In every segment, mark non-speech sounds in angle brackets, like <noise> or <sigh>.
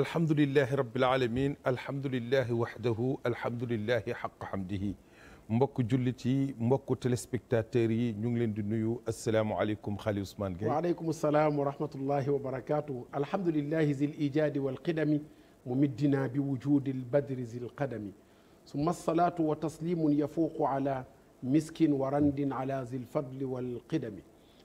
alhamdulilahi rabbil alamin alhamdulilahi waxdahu alhamdulilahi xaq xamdihi mbokk jullit yi mbokk téléspectateurs yi ñu ngi leen di nuyu asalaamualeykum xaali Ousmane Gueye waaleykum salaam wa rahmatullahi wa barakaatu alhamdulilahi zil ijaadi wal qidami mumiddina bi wujudi lbadri zil qadami summa salaatu wa taslimun yafuuqu ala miskin wa randin ala zil fadli wal qidami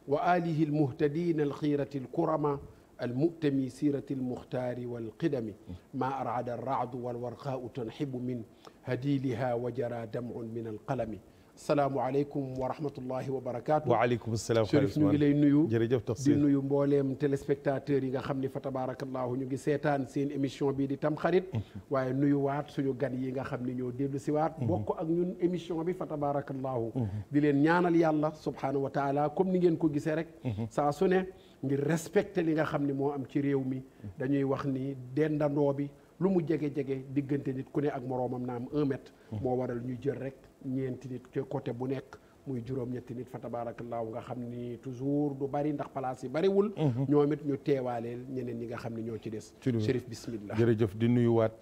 wa alihi almuhtadina alxiirati alkurama المؤتم سيرة المختار والقدم ما أرعد الرعد والورقاء تنحب من هديلها وجرى دمع من القلم salaamualeykum wa rahmatullahi wa barakaatu. waaleykum salaam Chérif ñu ngi lay nuyu. jërëjëf nuyu mbooleem téléspectateur yi nga xam ni fa tabaarakallaahu ñu ngi seetaan seen émission bii di tamxarit. Mhm. waaye nuyu waat suñu gan yi nga xam ni ñoo dellu si waat. Mhm. bokk ak ñun émission bi fa tabaarakallaahu mhm. di leen ñaanal yàlla subhaanahu wa taala comme ni ngeen ko gisee rek. saa su ne ngir respecté li nga xam ni moo am ci réew mi. dañuy wax ni dendandoo bi lu mu jege jege diggante nit ku ne ak moroomam naam un mètre. moo waral ñu jël rek. ñeenti nit ci côté bu nekk muy juróom-ñetti nit fa tabaarakallaahu nga xam ni toujours du bari ndax place yi bariwul. Mhm. ñoo it ñu teewaaleel ñeneen ñi nga xam ne ñoo ci des. ci Chérif bismillah jërëjëf di nuyu nuyuwaat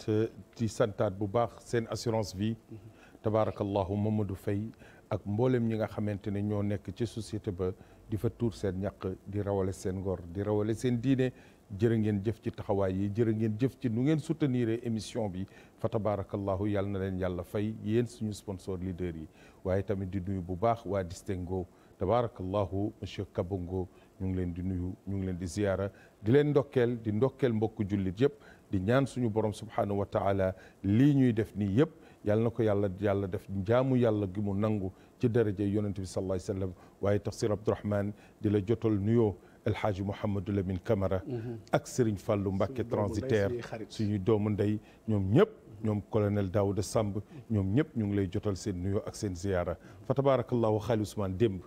ci euh, santaat bu baax seen assurance vie. Mhm. tabaarakallaahu du Faye ak mboolem ñi nga xamante ne ñoo nekk ci société ba di fa tuur seen ñàq di rawale seen ngor di rawale seen diine jërë ngeen jëf ci taxawaay yi jëre ngeen jëf ci nu ngeen soutenir émission bi. fa tabaarakallaahu yàlla na leen yàlla fay yéen suñu sponsor leader yi waaye tamit di nuyu bu baax waa distingo tabaarakallaahu monsieur Kabongo ñu ngi leen di nuyu ñu ngi leen di ziyaara di leen ndokkeel di ndokkeel mbokku jullit yëpp di ñaan suñu borom subhaanahu wa taala lii ñuy def nii yëpp yàlla na ko yàlla yàlla def njaamu yàlla gi mu nangu ci daraja yonent bi sallallahu alayhi wa sallam waaye tafsir Abdourahmane di la jotol nuyoo El Hadj Mouhamadou Lamine Camara. Mhm. ak Serigne Fallou Mbacke transitaire suñu doomu ndey ñoom ñëpp. ñoom colonel Daouda Samb ñoom ñëpp ñu ngi lay jotal seen nuyoo ak seen ziyaara fa tabaarakallaahu xaali Ousmane démb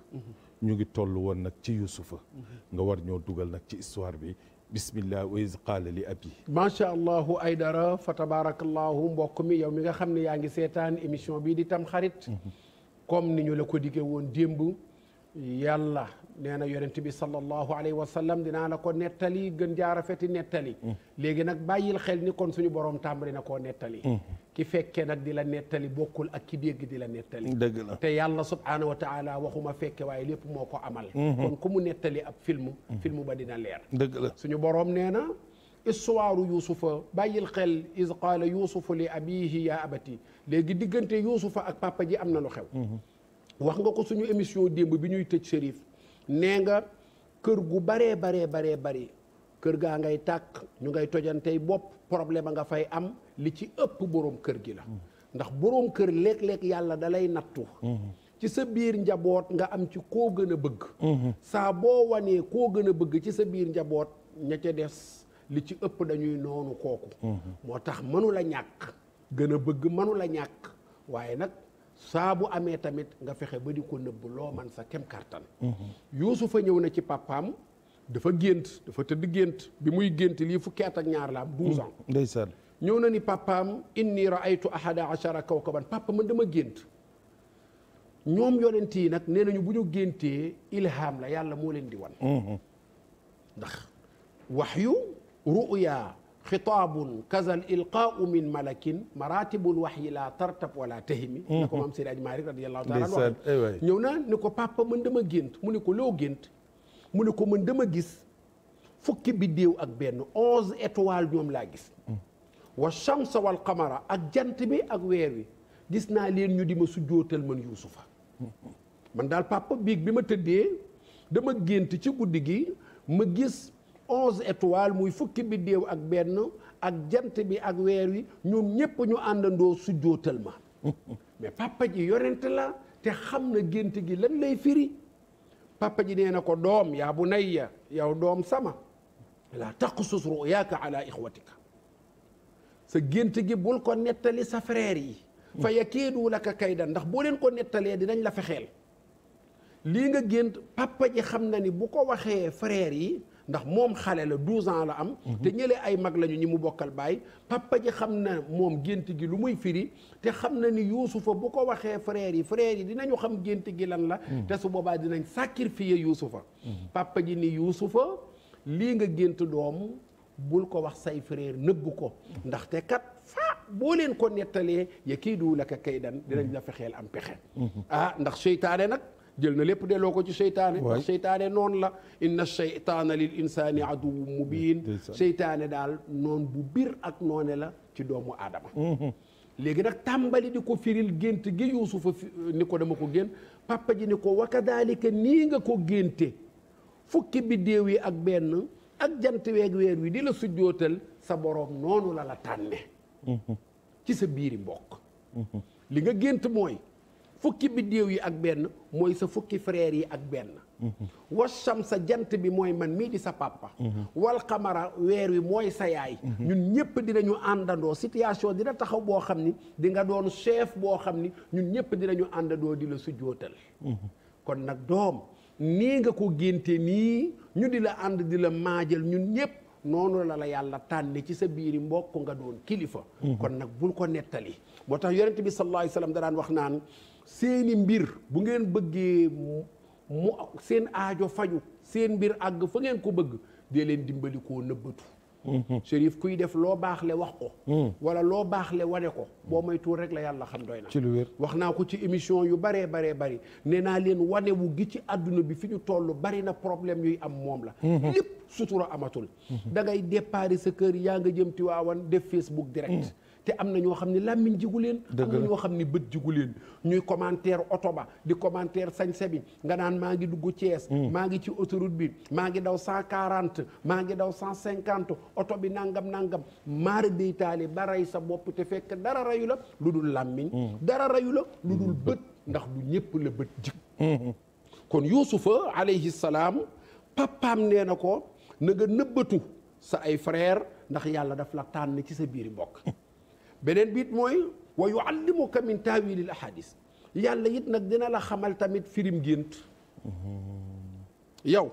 ñu ngi toll woon nag ci Yuusufa nga war ñoo dugal nag ci histoire bi bismillah wa iz qaala li abi macha allahu ay dara fa tabaarakallaahu mbokk mi yow mi nga xam ne yaa ngi seetaan émission bii di tam xarit mhm. comme ni ñu la ko diggee woon démb yàlla nee na yonent bi sallallahu alay wa sallam dinaa la ko nettali gën jaa rafeti nettali léegi nag bàyyil xel ni kon suñu borom tàmbali na koo nettali hmm. ki fekke nag di la nettali bokkul ak ki dégg di la nettali dëgg la te yàlla subhaanahu wa taala waxuma fekke waaye lépp moo ko amal hmm. kon ku mu nettali ab film hmm. film ba dina leer dëgg la suñu boroom nee na histoire yuusufa bàyyil xel iz qaala yuusufa li abihi yaa abati léegi diggante yuusufa ak papa ji am na lu xew nga ko suñu émission démb bi ñuy tëj shérif nee nga kër gu baree baree baree bari kër gaa ngay tàkk ñu ngay tojantey bopp problème a nga fay am li ci ëpp borom kër gi la ndax borom kër léeg-léeg yàlla dalay nattu ci sa biir njaboot nga am ci koo gën a bëgg saa boo wanee koo gën a bëgg ci sa biir njaboot ña ca des li ci ëpp dañuy noonu kooku mm-hmm. moo tax mënu la ñàkk gën a bëgg mënu la ñàkk waaye nag saa bu amee tamit nga fexe ba di ko nëbb loo man sa kem kàttan mhm. yuusufa ñëw na ci papaam dafa gént dafa tëdd gént bi muy gént lii fukki at ak ñaar la am douze ans mm, ndeysaan ñëw na ni papaam inni raaytu ahada achara kawkaban papa man dama gént ñoom yonent yi nag nee nañu bu ñu géntee ilham la yàlla moo leen di wan mhm. ndax wax yu ruya xitaabun kazal ilqaau min malakin maratibul waxyi laa tartab wala tahimi na ko maam Seydi Aj Maalik radiyallahu taala wax ñëw na ni ko papa man dama gént mu ne ko loo gént mu ne ko man dama gis fukki biddéew ak benn onze étoiles ñoom laa gis wa chamsa wal qamara ak jant bi ak weer wi gis naa leen ñu di ma sujjootal man yuusufa man daal papa biig bi ma tëddee dama gént ci guddi gi ma gis onze étoiles muy fukki biddéew ak benn ak jant bi ak weer wi ñoom ñépp ñu àndandoo sujjootal ma <laughs> mais papa ji yonent la te xam na gént gi lan lay firi pappa ji nee na ko doom yaa bu nayya yow doom sama la taqsus ruyaaka ala ixwatika sa gént gi bul ko nettali sa frère yi fa yakiidu laka kaydan ndax boo leen ko nettalee dinañ la fexeel lii nga gént pappa ji xam na ni bu ko waxee frère yi ndax moom xale la 12 ans la am. Mhm. te ñële ay mag lañu ñi mu bokkal baay papa ji xam na moom gént gi lu muy firi te xam na ni Yuusufa bu ko waxee frères yi frères yi dinañu xam gént gi lan la. Mhm. te su boobaa dinañ sacrifier Yuusufa. Mhm. papa ji ni Yuusufa lii nga gént doom bul ko wax say frères nëbbu ko ndaxte kat fa boo leen ko nettalee ya kii du la ka kay dan la fexeel am pexe. ah ndax seytaane nag. jël na lépp delloo ko ci seytaane ndax seytaane noonu la inna seytaana lil insaani aduwwu mubin seytaane daal noon bu biir ak noone la ci doomu aadama mhm. léegi nag tàmbali di ko firil gént gi yuusufa ni ko dama ko génn papa ji ni ko wa kadaalika nii nga ko génte fukki biddéew yi ak benn ak jant weeg weer wi di la sujjootal sa boroom noonu la la tànne mhm. ci sa biiri mbokk mhm. li nga gént mooy fukki biddéew yi ak benn mooy sa fukki frère yi ak benn wasam sa jant bi mooy man mii di sa papa walxamara weer wi mooy sa yaay ñun ñëpp dinañu àndandoo situation dina taxaw boo xam ni di nga doon chef boo xam ni ñun ñëpp dinañu àndandoo di la sujjootal kon nag doom nii nga ko génte nii ñu di la ànd di la maajal ñun ñëpp noonu la la yàlla tànne ci sa biiri mbokk nga doon kilifa mhm. kon nag bul ko nettali moo tax yonent bi sallallahu alayhi wasallam da daan wax naan seeni mbir bu ngeen bëggee mu seen aajo faju seen mbir àgg fa ngeen ko bëgg dee leen dimbali koo nëbbatu Chérif mm-hmm. kuy def loo baax le wax ko mm. wala loo baax le wane ko boo moytuwul rek la yàlla xam doy na ci lu wér wax naa ko ci émission yu baree baree bari nee naa leen wane wu gi ci àdduna bi fi ñu toll bari na problème yuy am moom la mm-hmm. lépp sutura amatul mm-hmm. da ngay déparé sa kër yaa nga jëm Tiwaawan def Facebook direct te am na ñoo xam ne làmmiñ jigu leen am na ñoo xam ne bët jigu leen ñuy commentaire oto ba di commentaire sañse bi nga naan maa ngi dugg Thiès hmm. maa ngi ci autoroute bi maa ngi daw sa quarante maa ngi daw cent cinquante oto bi nangam nangam maara day taali ba sa bopp te fekk dara rayu la lu dul làmmiñ hmm. dara rayu la lu dul hmm. bët ndax du ñépp la bët jig kon yuusufa alayhi salaam papaam nee na ko na nga nëbbatu sa ay frère ndax yàlla daf la tànn ci sa biiri mbokk <laughs> beneen biit mooy wa yuallimuka min taawilil ahadis yàlla it nag dina la xamal tamit firim gént yow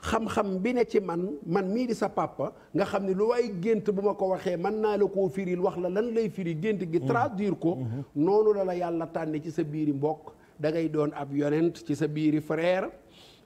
xam-xam bi ne ci man man mii di sa papa nga xam ne lu ay gént bu ma ko waxee mën naa la koo firil wax la lan lay firi gént gi mm-hmm. traduire ko mm-hmm. noonu la la yàlla tànne ci sa biiri mbokk dangay doon ab yonent ci sa biiri freer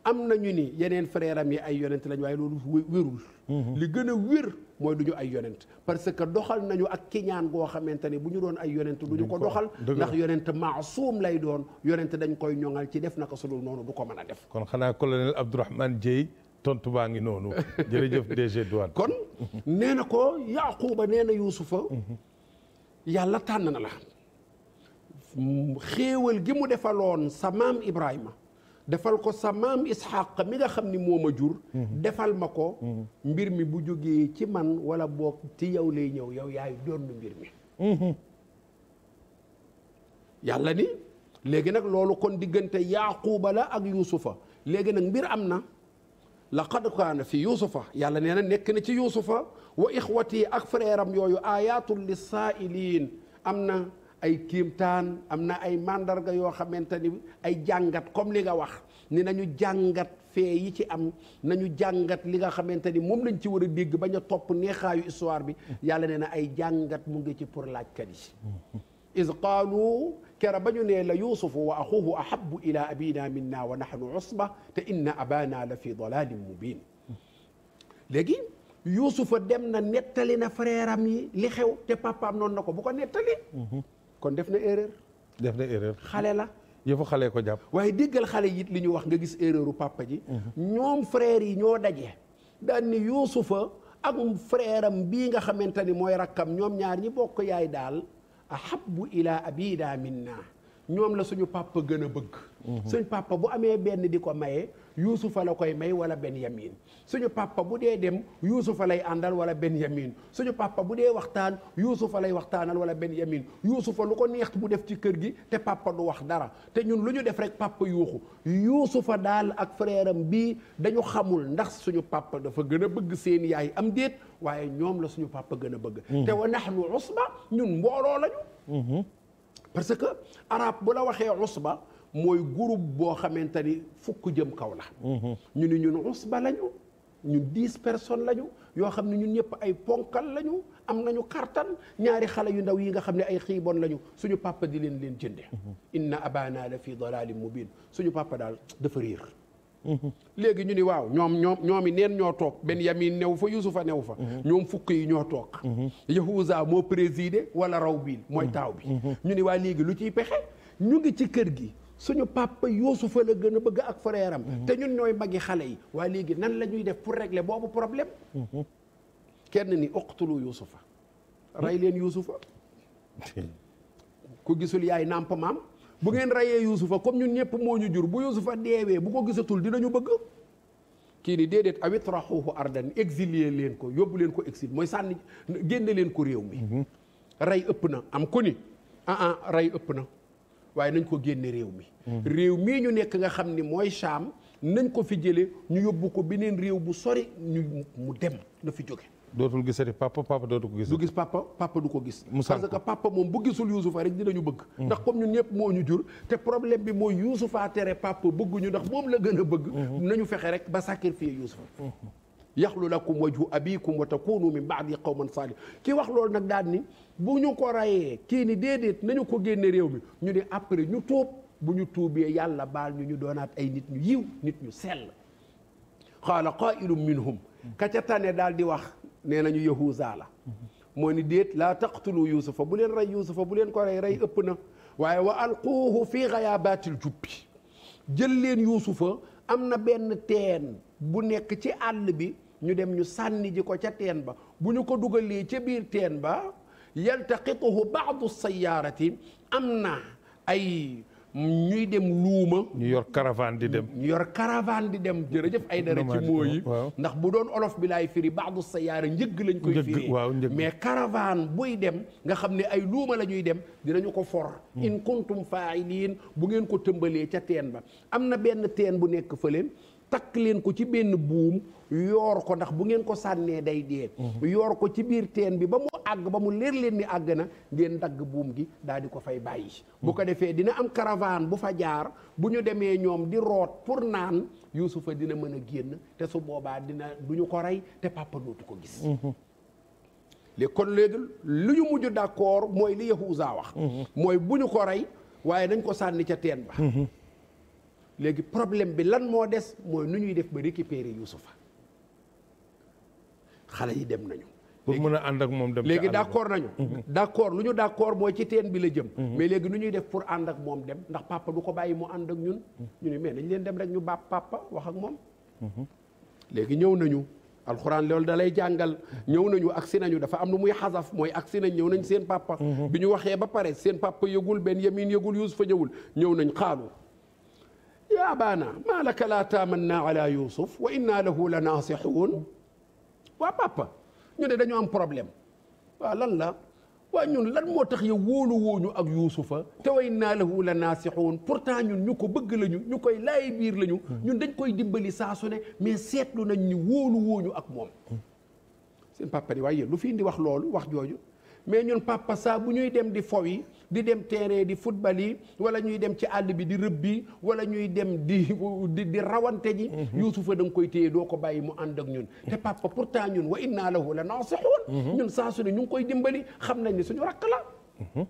am na ñu ni yeneen frère yi ay yonent lañ waaye loolu wérul mhm. li gën a wér mooy du ñu ay yonent parce que doxal nañu ak kiñaan goo xamante ni bu ñu doon ay yonent du ñu ko doxal ndax yonent maasuum lay doon yonent dañ koy ñoŋal ci def na naka sudul noonu du ko mën a def kon xanaa colonel Abdourahmane Dieye tontu baa ngi noonu <laughs> jërëjëf DG Douane kon nee na ko Yaquba nee na Yuusufa mhm. yàlla tànn na la xéewal gi mu defaloon sa maam Ibrahima defal ko samaam maam mi nga xam ni moo ma jur defal ma ko mbir mi bu jógee ci man wala boog ci yow lay ñëw yow yaayu doon mbir mi yàlla ni léegi nag loolu kon diggante yaaquuba la ak yuusufa léegi nag mbir am na laqad kaana fi yuusufa yàlla nee na nekk na ci yuusufa wa ixwati ak frère am yooyu ayatul lisaailiin am na ay kéemtaan am na ay màndarga yoo xamante ni ay jàngat comme li nga wax ni nañu jàngat fee yi ci am nañu jàngat li nga xamante ni moom lañ ci war a dégg bañ a topp neexaayu histoire bi yàlla ne na ay jàngat mu ngi ci pour laajkat yi is qaalu kera ba ne la yusufu wa axuhu ahabu ila abina minna wa nahnu usba te inna abana la fi dalalin mubin léegi yusufa dem na nettali na frère am yi li xew te papaam noonu na ko bu ko nettali mm-hmm. kon def na erreur. def na erreur xale la. yëfu xale ko jàpp. waaye déggal xale yi li ñu wax nga gis erreuru papa ji. ñoom frère yi ñoo daje. daan ni Yuusufa ak frère am bii nga xamante ni mooy rakkam ñoom ñaar ñi bokk yaay daal ahabbu ilaa abiida minna ñoom la suñu papa gën a bëgg. Mhm. suñ papa bu amee benn di ko maye yuusufa la koy may wala benyamin suñu papa bu dee dem yuusufa lay àndal wala benyamin suñu papa bu dee waxtaan yuusufa lay waxtaanal wala benyamin yuusufa lu ko neex bu def ci kër gi te papa du wax dara te ñun lu ñu def rek papa yuuxu yuusufa daal ak frère am bii dañu xamul ndax suñu papa dafa gën a bëgg seen yaay am déet waaye ñoom la suñu papa gën a bëgg mm-hmm. te wa nahnu usba ñun mbooloo lañu mm-hmm. parce que arab bu la waxee usba mooy groupe boo xamante ni fukk jëm kaw la mhm. ñu ni ñun usba lañu ñun dix personnes lañu yoo xam ne ñun ñëpp ay ponkal lañu am nañu kartan ñaari xale yu ndaw yi nga xam ne ay xiibon lañu suñu pàppa di leen leen jënde mhm. inna abana la fi dalalin mubin suñu pàppa daal dafa réer mhm. léegi ñu ni waaw ñoom ñoom ñoom neen ñoo toog Benyamin new fa Yusufa new fa ñoom fukk yi ñoo toog Yahuza moo présidé wala raw biil mooy taaw bi ñu ni waa léegi lu ciy pexe ñu ngi ci kër gi suñu papa Youssoufa la gën a bëgg ak frère am te ñun nooy magi xale yi waa léegi nan la def pour régler boobu problème mhm. kenn ni uqtulu Youssoufa rey leen Youssoufa <laughs> ku gisul yaay nàmp maam bu ngeen reyee Youssoufa comme ñun ñëpp moo ñu jur bu Youssoufa deewee bu ko gisatul dinañu bëgg kii ni déedéet awitrahuhu ardan exilier leen ko yóbbu leen ko exil mooy sànni génne leen ko réew mi mhm. rey ëpp na am ku ni ah, ah rey ëpp na waaye nañ ko génne réew mi mm-hmm. réew mii ñu nekk nga xam ni mooy Saam nañ ko fi jële ñu yóbbu ko beneen réew bu sori ñu mu dem na fi jóge dootul gisati papa papa dootu ko gis. du gis papa papa du ko gis. parce que papa moom bu gisul Youssoupha rek dinañu bëgg. Mm. ndax comme ñun ñëpp moo ñu jur. te problème bi mooy Youssoupha tere papa bëgguñu ndax moom la gën a bëgg. Mm-hmm. nañu fexe rek ba sacrifier Youssoupha. Mm-hmm. yaxlu lakum wajhu abikum wa takunu min baadi qawman salih ki wax loolu nag daal ni bu ñu ko rayee kii ni déedéet nañu ko génne réew mi ñu ne après ñu tuub bu ñu tuubee yàlla baal ñu ñu doonaat ay nit ñu yiw nit ñu sell la qaa'ilun minhum ka ca tane daal di wax nee nañu yahuuza la moo ni déet laa taqtulu yusufa bu leen rey yusufa bu leen ko rey rey ëpp na waaye wa alquuhu fi ghayaabaatil jubbi jël leen yusufa am na benn teen bu nekk ci àll bi ñu dem ñu sànni ko ca teen ba bu ñu ko dugalee ca biir teen ba yaltaqituhu baadu sayaarati am na ay ñuy dem luuma. ñu yor caravane di dem. ñu yor caravane di dem jërëjëf ay dara ci moo yi ndax bu doon olof bi laay firi sa sayaara njëgg lañ koy firi mais caravane buy dem nga xam ne ay luuma la dem dinañu ko for hmm. in kuntum faa'iliin bu ngeen ko tëmbalee ca teen ba am na benn teen bu nekk fële takk leen ko ci benn buum yoor ko ndax bu ngeen ko sànnee day dee mhm. yoor ko ci biir teen bi ba mu àgg ba mu leer leen ni àgg na ngeen dagg buum gi daal di ko fay bàyyi mhm. bu ko defee dina am caravane bu fa jaar bu ñu demee ñoom di root pour naan Yuusufa dina mën a génn te su boobaa dina du ñu ko rey te papa dootu ko gis léegi kon léegi lu ñu mujj d'accord mooy li Yahuuza wax mhm. mooy bu ñu ko rey waaye nañ ko sànni ca teen ba léegi problème bi lan moo des mooy nu ñuy def ba récupérer Youssoupha xale yi dem nañu. pour mën a ànd ak moom dem léegi d' accord nañu. Mhm. accord lu ñu d' accord ci teen bi la jëm. Mhm. mais léegi nu ñuy def pour ànd ak moom dem ndax papa du ko bàyyi mu ànd ak ñun. Mhm. ñu ni mais nañ leen dem rek ñu baab papa wax ak moom. léegi ñëw nañu. alxuraan loolu da lay jàngal ñëw nañu aksi nañu dafa am lu muy xasaf mooy agsi nañ ñëw nañ seen papa. bi ñu waxee ba pare seen papa yëgul benn yamin yëgul Youssoupha ñëwul ñëw nañ xaalu. yaa baana maa laka laa taamanna ala yusuf wa inna lahu la naasixuun waa papa ñu ne dañu am problème waaw lan la waa ñun lan moo tax yow wóolu wooñu ak yuusufa te wa inna lahu la naasixuun pourtant ñun ñu ko bëgg lañu ñu koy laay biir lañu ñun dañ koy dimbali saa su ne mais seetlu nañ ni wóolu ak moom hmm. seen papa ni waaye lu fi indi wax loolu wax jooju mais ñun papa saa bu ñuy dem di fow di dem terrain di football yi wala ñuy dem ci àll bi di rëb bi wala ñuy dem di di di rawante ji mhm. yuusufa da nga koy téye doo ko bàyyi mu ànd ak ñun te papa pourtant ñun wa inna lahu la naasixuun mhm. ñun saa su ne ñu ngi koy dimbali xam nañ ni suñu rakk la mhm.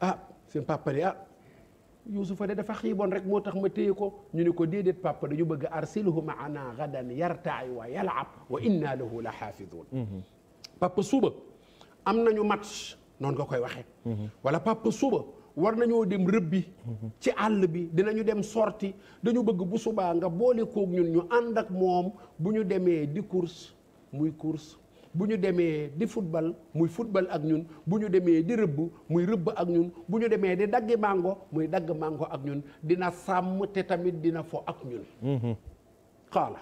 ah seen papa de ah yuusufa de dafa xiiboon rek moo tax ma téye ko ñu ne ko déedéet papa dañu bëgg arsilhu maana gadan yartaay wa yalaab wa inna lahu la xaafiduun papa suba am nañu match noonu nga koy waxee. wala papa suba war nañoo dem rëbbi. ci àll bi dinañu dem sorti dañu bëgg bu subaa nga boole koog ñun ñu ànd ak moom bu ñu demee di course muy course. bu ñu demee di futbal muy football ak ñun bu ñu demee di rëbb muy rëbb ak ñun bu ñu demee di daggi mango muy dagg mango ak ñun dina sàmm te tamit dina fo ak ñun mm-hmm. xaala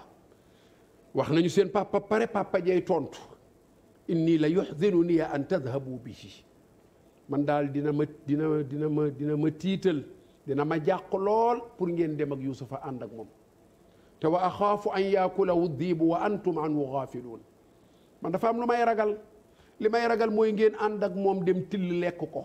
wax nañu seen papa pare papa jay tontu inni la yuxzinuni an tadhabu bihi man daal dina ma dina dina ma dina ma tiital dina ma jàq lool pour ngeen dem ak yusufa ànd ak moom te wa axaafu an yaakulahu diibu wa antum anhu gaafiluun man dafa am lu may ragal li may ragal mooy ngeen ànd ak moom dem till lekk ko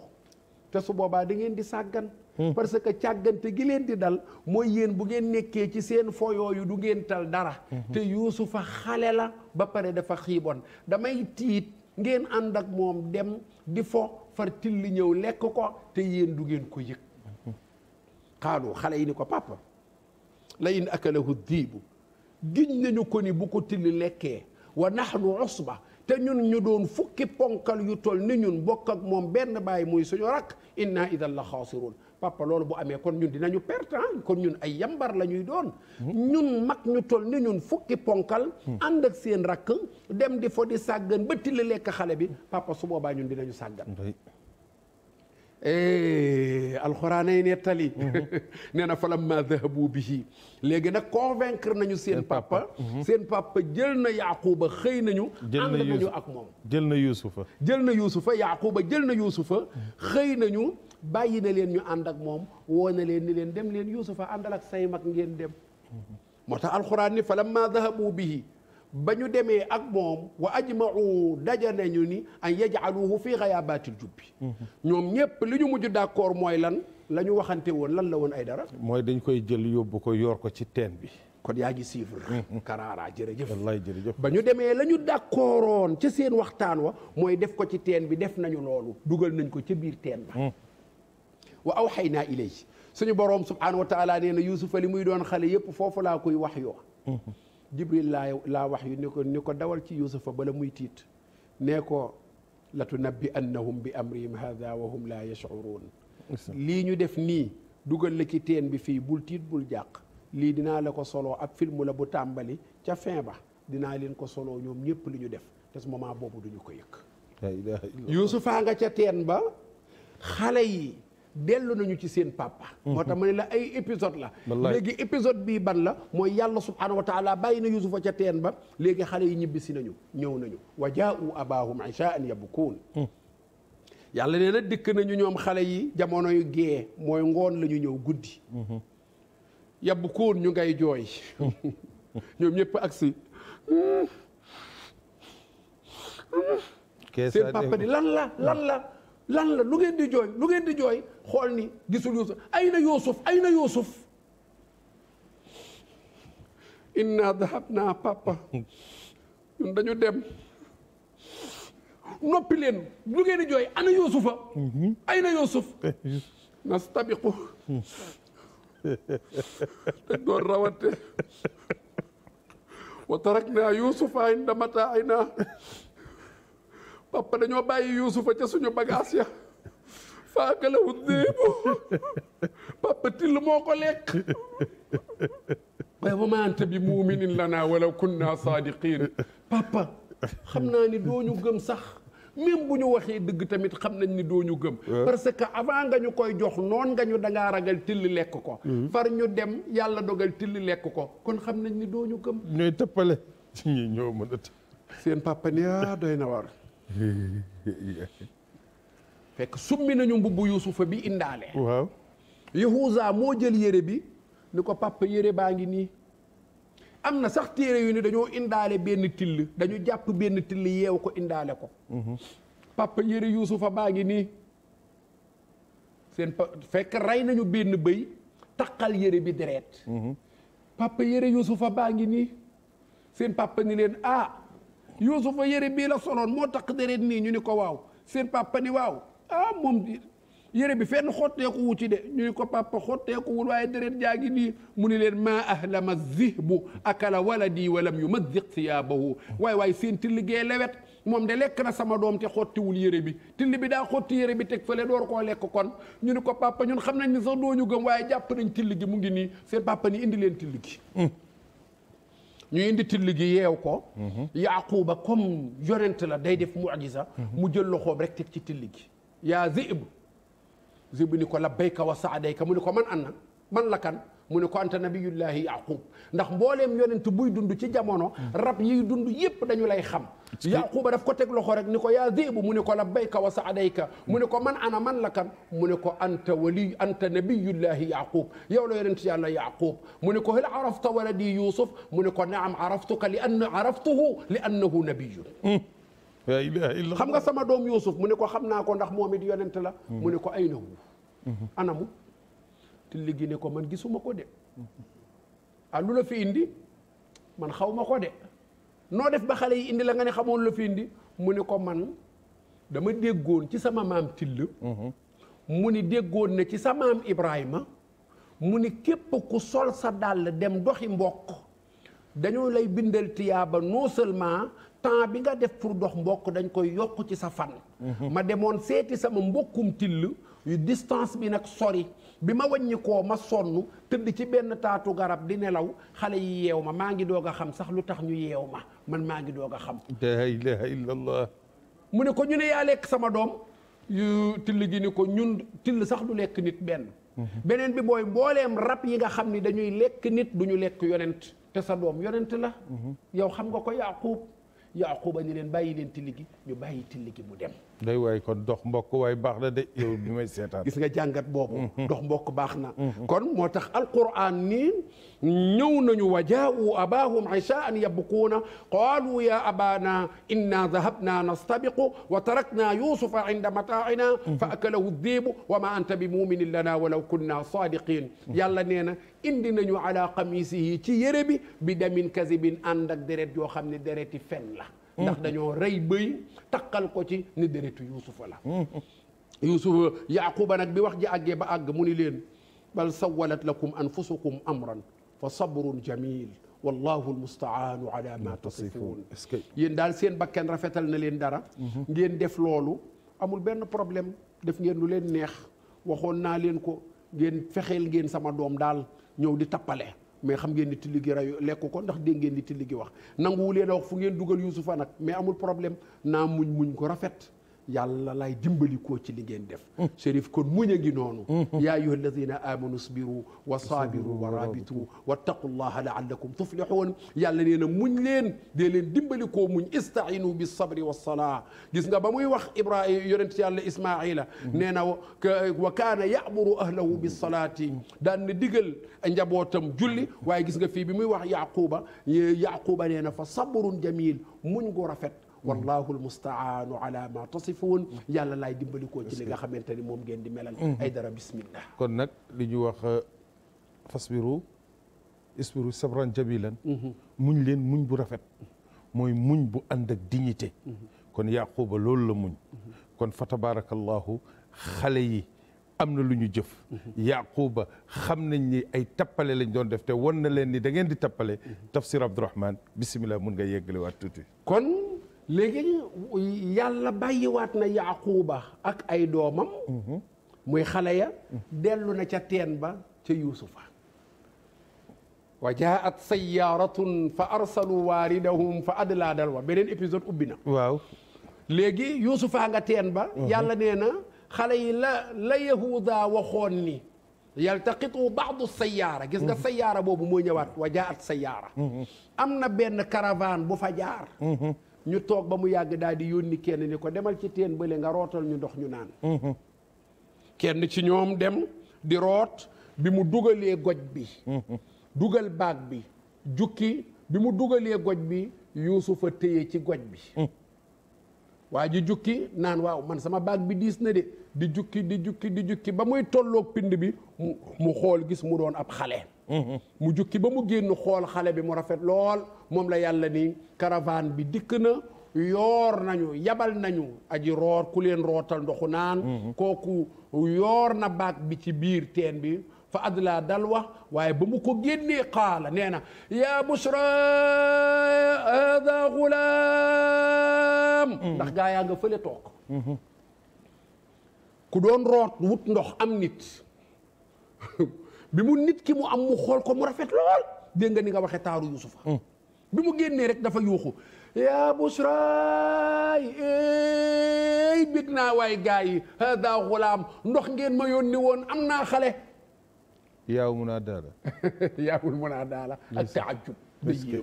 te su boobaa da ngeen di sàggan parce que càggante gi leen di dal mooy yéen bu ngeen nekkee ci seen yu du ngeen tal dara te yuusufa xale la ba pare dafa xiibon damay tiit ngeen ànd ak moom dem di fo far tilli ñëw lekk ko te yéen du ngeen ko yëg xaalu xale yi ni ko papa la in akalahu diibu giñ nañu ko ni bu ko tilli lekkee wa nahnu usba te ñun ñu doon fukki ponkal yu tol ni ñun bokk ak moom benn bàyyi muy suñu rakk naa idan la xaasiruun papa loolu bu amee kon ñun dinañu perte ah. kon ñun ay yambar la ñuy doon. Hmm. ñun mag ñu toll ni ñun fukki ponkal. Hmm. ànd ak seen rakk dem di fo di sàggan ba tili lekk xale bi papa su boobaa ñun dinañu sàggan. Eh, alxuraanay nettali hmm. <laughs> nee na falamma bi bihi léegi nag convaincre nañu seen papa seen papa jël na yaaquba xëy nañu ànd nañu ak moom jël na yuusufa jël na yuusufa yaaquba jël na yuusufa xëy nañu bàyyi na leen ñu ànd ak moom woo na leen ni leen dem leen yuusufa àndal ak say mag ngeen dem moo tax alxuraan ni fa lamma dahabu bihi ba ñu demee ak moom wa ajmau daja nañu ni an yajaluhu fii xayabaatil jubbi ñoom ñëpp li ñu mujj d'accord mooy lan la ñu waxante woon lan la woon ay dara mooy dañ koy jël yóbbu ko yoor ko ci teen bi kon yaa ngi suivre <laughs> Karara jërëjëf wallaay jërëjëf ba ñu demee la ñu d'accordoon ca seen waxtaan wa mooy def ko ci teen bi def nañu loolu dugal nañ ko ca biir teen wa naa ilayhi suñu boroom subhaanahu wa taala nee na yuusufa li muy doon xale yëpp foofu laa koy wax yoo mm-hmm. jibril laa laa wax yu ni ko ko dawal ci yuusufa bala muy tiit nee ko latu nabbi annahum bi amrihim hada wa hum laa yashcuruun lii ñu def nii dugal la ki teen bi fii bul tiit bul jàq lii dinaa la ko soloo ab film la bu tàmbali ca fin ba dinaa leen ko soloo ñoom ñëpp li ñu def te moment boobu duñu ko yëg yuusufaa nga ca teen ba xale yi dellu nañu ci seen papa. Mhm. moo tax ma ne la ay épisode la. léegi épisode bii ban la mooy yàlla subhaanahu wa taala bàyyi na Yusufa ca teen ba léegi xale yi ñibbisi nañu ñëw nañu wa jaa'u abaahum ishaa'an yabkuun hmm. yàlla nee na dikk nañu ñoom xale yi jamonoy yu gee mooy ngoon la ñu ñëw guddi. Mhm. yabkuun ñu ngay jooy. Hmm. <laughs> ñoom ñëpp ak si. seen papa di lan la lan la lan la lu ngeen di jooy lu ngeen di jooy. xool ni gisul yuusuf ay na yuusuf ay na yuusuf inna dahab naa papa ñun dañu dem noppi leen lu jooy ana yuusufa ay na yuusuf nastabiqu dañ doon rawante wa tarakna yuusufa inda mataaina papa dañoo bàyyi yuusufa ca suñu bagaas ya faaka la wut déebo papa till moo ko lekk waaye wa maa anta bi muuminin lana wala kunna saadiqin papa xam naa ni doo ñu gëm sax même bu ñu waxee dëgg tamit xam nañ ni doo ñu gëm parce que avant nga ñu koy jox noon nga ñu dangaa ragal tilli lekk ko mm-hmm. far ñu dem yàlla dogal tilli lekk ko kon xam nañ ni doo ñu gëm ñooy tëppale si <laughs> ñëw mën a seen papa ni ah, doy na war <laughs> fekk summi nañu mbubbu yuusufa bi indaale waaw moo jël yére bi ni ko papa yére baa ngi nii am na sax téere yu ni dañoo indaale benn till dañu jàpp benn till yeew ko indaale ko mhm. papa yére yuusufa baa ngi nii seen pa fekk rey nañu benn bëy taqal yére bi deret mhm. papa yére yuusufa baa ngi nii seen papa ni leen ah yuusufa yére bii la soloon moo taq deret nii ñu ni ko waaw seen papa ni waaw ah moom yére bi fenn xotteeku wu ci de ñuy ko papa xotteeku wul waaye deret jaa ngi nii mu ni leen maa ahlama zihbu akala waladi walam yumazziq siyaabahu waay waay seen till gee lewet moom de lekk na sama doom te xottiwul yére bi till bi daa xotti yére bi teg fële door koo lekk kon ñu ni ko papa ñun xam nañ ni sax dooñu gëm waaye jàpp nañ till gi mu ngi nii seen pàppa ni indi leen till gi hmm. ñu indi till gi yeew ko mm-hmm. yaaquba comme yonent la day def mujiza mm-hmm. mu jël loxoom rek teg ci till gi yaa zib zib ni ko labbayka wa saadayka mu ne ko man ana man la mu ne ko anta nabiyullahi yaqub ndax mbooleem yonent buy dund ci jamono rab yiy dund yépp dañu lay xam yaquba daf ko teg loxo rek ni ko yaa zibu mu ne ko labbayka wa saadayka mu ne ko man ana man la mu ne ko anta wali anta nabiyullahi yaqub yow la yonent yàlla yaqub mu ne ko hal arafta waladi yusuf mu ne ko naam araftuka li anna araftuhu li annahu nabiyun hmm. xam nga sama doom Youssouf mu ne ko xam naa ko ndax moom it yonent la hmm. mu ne ko ay na hmm. anamu tilli gi ne ko man gisuma ko de ah lu la fi indi man xaw ma ko de noo def ba xale yi indi la nga ne xamoon la fi indi mu ne ko man dama déggoon ci sama maam till hmm. mu ni déggoon na ci sama maam Ibrahima mu ni képp ku sol sa dal dem doxi mbokk dañoo lay bindal tiyaaba non seulement temps bi nga def pour dox mbokk dañ koy yokk ci sa fan mhm. ma demoon seeti sama mbokkum till yu distance bi nag sori bi ma wàññi ma sonn tëdd ci benn taatu garab di nelaw xale yi yeew ma maa ngi doog a xam sax lu tax ñu yeew ma man maa ngi doog a xam mu ne ko ñu ne yaa lekk sama doom yu till gi ni ko ñun till sax lu lekk nit benn mhm. beneen bi mooy booleem rab yi nga xam ni dañuy lekk nit duñu lekk yonent te sa doom yonent la mhm. yow xam nga ko Yaaqub yaquba ni leen bàyyi leen tilli gi ñu bàyyi tilli gi mu dem day waay kon dox mbokk waay baax na de yow bi may seetaan gis nga jàngat boobu mhm. dox mbokk baax na mhm. kon moo tax alquran nii ñëw nañu wa jaa'u abaahum ishaan yabkuuna qaalu ya abaana inna dahabna nastabiqu wa tarakna yusufa inda mataa'ina mhm. fa wa ma anta bi muminin lana walaw kunna saadiqin yàlla nee na indi nañu ala qamisihi ci yére bi bi damin kasibin ànd ak deret yoo xam ne dereti fen la ndax dañoo rey bëy takkal ko ci ni deretu yuusufa la yuusufa yaaquba nag bi wax ji àggee ba àgg mu ni leen bal sawalat lakum anfusukum amran fa sabrun jamil wallahu almustaanu ala ma tasifun yéen daal seen bakkan rafetal na leen dara mhm. ngeen def loolu amul benn problème def ngeen lu leen neex waxoon naa leen ko ngeen fexeel ngeen sama doom daal ñëw di tappale mais xam ngeen di tilli gi rayu lekku ko ndax dégg ngeen ni tilli gi wax nanguwu leen a wax fu ngeen dugal Yuusufa nag mais amul problème naa muñ muñ ko rafet yàlla lay dimbalikoo ci li ngeen def mm. chérif kon muñ a ngi noonu mm-hmm. yaa ayyuha alladina amanu sbiru wa saabiru wa rabitu wattaqu llaha laallakum tuflihun yàlla nee na muñ leen dee leen dimbalikoo muñ istainu bi sabri wa salaa gis nga ba muy wax ibrahim yonent yàlla ismaila mm-hmm. nee na wa kaana yaamuru ahlahu bi salaati daan na digal njabootam julli mm-hmm. waaye gis nga fii bi muy wax yaquba yaquba nee na fa sabrun jamil muñ gu rafet Mm. wallahu almustaanu ala ma tasifuun mm. yàlla laay dimbalikoo ci li nga xamante ni moom ngeen di melal mm. ay dara bismillah kon nag li ñu wax euh, fasbiru isbiru sabran jabilan mm-hmm. muñ leen muñ bu rafet mooy muñ bu ànd ak dignité mm-hmm. kon yaquba loolu la muñ mm-hmm. kon fa tabarakallahu xale yi am na lu ñu jëf yaquba xam nañ ni ay tappale lañ doon def te won na leen di da ngeen di tappale tafsir abdourahman bisimilah mun nga yeggale waat tuuti kon léegi yàlla bàyyiwaat na yaaquuba ak ay doomam mhm. muy xale ya dellu na ca teen ba ca yuusufa wa jaat sayaaratun fa arsalu waaridahum fa adlaa wa beneen épisode ubbi na waaw léegi yuusufaa nga teen ba mhm. yàlla nee na xale yi la la yahuuda waxoon ni yaltaqitu baadu sayaara gis nga mhm. sayaara boobu mooy ñëwaat wa jaat sayaara am na benn caravane bu fa jaar ñu toog ba mu yàgg daal di yónni kenn ni ko demal ci teen bële nga rootal ñu ndox ñu naan mhm. kenn ci ñoom dem di root bi mu dugalee goj bi mhm. dugal baag bi jukki bi mu dugalee goj bi yuusufa téye ci goj bi mhm. waa ji jukki naan waaw man sama baag bi diis na de di jukki di jukki di jukki ba muy tolloog pind bi mu xool gis mu doon ab xale mu jukki ba mu génn xool xale bi mu rafet lool moom la yàlla ni caravane bi dikk na yoor nañu yabal nañu aji roor ku leen rootal ndoxu naan mhm. kooku yoor na baat bi ci biir teen bi fa adla dalwa waaye ba mu ko génnee xaala nee na yaa busra hada gulaam mhm. ndax gaa yaa nga fële toog mhm. ku doon root wut ndox am nit <laughs> bi mu nit ki mu am mu xool ko mu rafet lool dégg nga ni nga waxee taaru Yuusufa mm. bi mu génnee rek dafa yuuxu yaa busraay ey eh, bég naa waay gaa yi hada xulaam ndox ngeen ma yónni woon am naa xale yaawul mun a daala <laughs> yaawul mun a daala a taajub day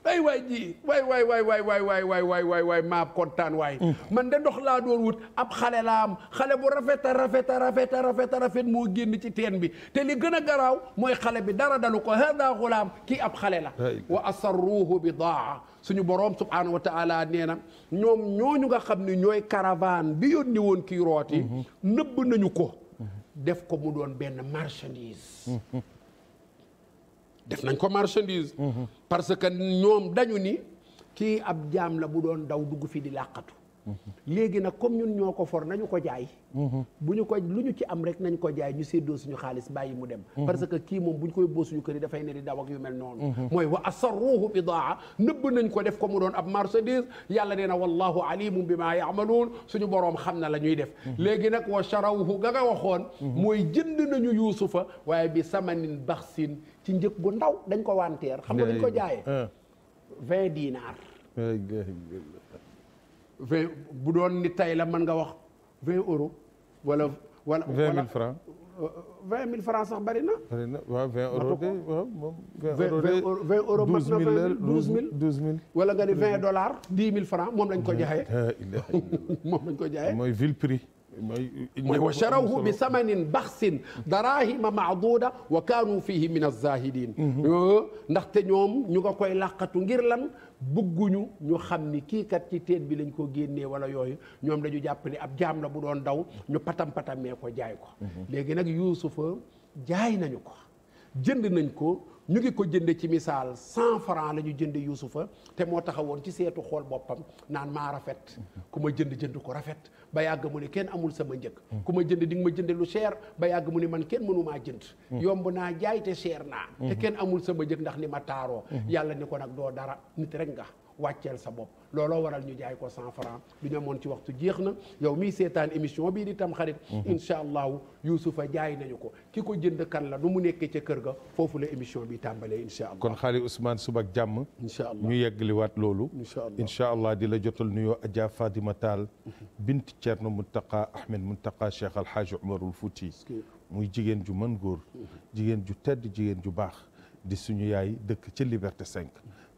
ay waay waay waay waay waay waay waay waay waay waay waay kontaan waay man de ndox laa doon wut ab xale laam xale bu rafet a rafet a rafet a rafet moo génn ci teen bi te li gën a garaaw mooy xale bi dara dalu ko hada xulaam kii ab xale la wa asarruhu bidaa suñu boroom subhaanahu wa taala nee na ñoom ñooñu nga xam ni ñooy caravane bi yónni woon kii yi nëbb nañu ko def ko mu doon benn marchandise def nañ ko marchandise. parce que ñoom dañu ni kii ab jaam la bu doon daw dugg fii di làqatu. léegi nag comme ñun ñoo ko for nañu ko jaay. bu ñu ko lu ñu ci am rek nañ ko jaay ñu séddoo suñu xaalis bàyyi mu dem. parce que kii moom bu ñu koy boo suñu kër yi dafay ne di daw yu mel noonu. mooy wa asarruhu bidaa nëbb nañ ko def ko mu doon ab marchandise yàlla nee na wallahu alimun bi ma yaamaluun suñu boroom xam na la ñuy def. léegi nag wa charawhu ga nga waxoon. mooy jënd nañu yuusufa waaye bi samanin baxsin ci njëkk bu ndaw dañ ko wanteer xam nga dañ ko jaayee ah. vingt dinaar vingt bu doon ni tey la man nga wax vingt euros wala wala vingt mille francs euh, euh, vingt mille francs sax bari na bari na waaw vingt euros waaw moom vingt wala nga ni vingt dollars dix mille francs moom lañ ko jaayee <laughs> <laughs> moom lañ ko jaayee mooy vil prix wa sharawhu bi samanin baxsin darahima maaduda wa kaanu fihi min azahidin mhm. ndaxte ñoom ñu nga koy làqatu ngir lan bëgguñu ñu xam ni kii kat ci teen bi lañ ko génnee wala yooyu ñoom dañu jàpp ni ab jaam la bu doon daw ñu patam-patamee ko jaay ko mhm. léegi nag yuusufa jaay nañu ko jënd nañ ko ñu ngi ko jënde ci misaal cent franc la ñu jënde Yuusufa te moo woon ci seetu xool boppam naan maa rafet ku ma jënd jënd ko rafet ba yàgg mu ne kenn amul sama njëkk ku ma jënd di nga ma jënde lu cher ba yàgg mu ne man kenn mënumaa jënd yomb naa jaay cher naa te kenn amul sama njëkk ndax ni ma taaroo mm-hmm. yàlla ni ko nag doo dara nit rek nga wàcceel sa bopp looloo waral ñu jaay ko cent franc lu ñu amoon ci waxtu jeex na yow mii seetaan émission bii di tam xarit mhm. incha allahu yuusufa jaay nañu ko ki ko jënd kan la nu mu nekkee ca kër ga foofu la émission bi tàmbalee incha allah kon xaali Ousmane subak jàmm incha allah ñu yeggaliwaat loolu incha allah incha allah di la jotal nuyoo Adja Fadima Tall mhm. bint Thierno Muntaka Ahmed Muntaka Cheikh Alhaaji Umarul Fouti muy jigéen ju mën góor mhm. jigéen ju tedd jigéen ju baax di suñu yaay dëkk ci Liberté 5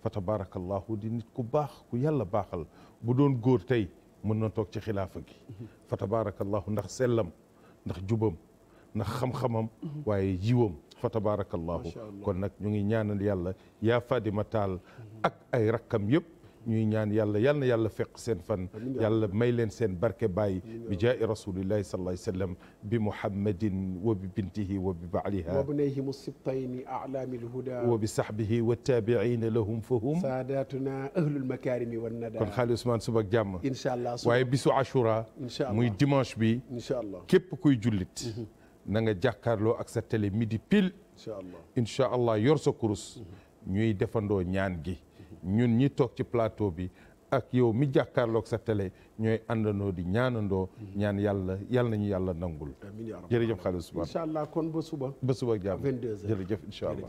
fa tabarakallahu di nit ku baax ku yàlla baaxal bu doon góor tey mën na toog ci xilaafa gi fa tabarakallahu ndax sellam ndax jubam ndax xam-xamam waaye yiwam fa tabarakallahu kon nag ñu ngi ñaanal yàlla yaa ak ay rakkam yëpp ñuy ñaan yàlla yal na yàlla fekk seen fan yàlla may leen seen barke baay bi jaa'i rasulillahi sallallahu alayhi wa sallam bi muhammadin wa bi bintihi wa bi baaliha wa bnayhimu sibtayni a'laami lhuda wa bi sahbihi wa taabiina lahum fa hum saadaatuna ahlul makaarimi wan nada kon xaali Ousmane suba ak jàmm incha allah waaye bisu ashura muy dimanche bi incha allah képp kuy jullit mhm. na nga jàkkaarloo ak sa télé midi pile incha allah incha allah yor sa kurus mhm. ñuy defandoo ñaan gi ñun ñi toog ci plateau bi ak yow mi jàkkaarloog sa télé ñooy àndandoo di ñaanandoo ñaan yàlla yàlla nañu yàlla nangul jërëjëf xaalis suba allah kon ba suba ba suba jàmm 22h jërëjëf incha allah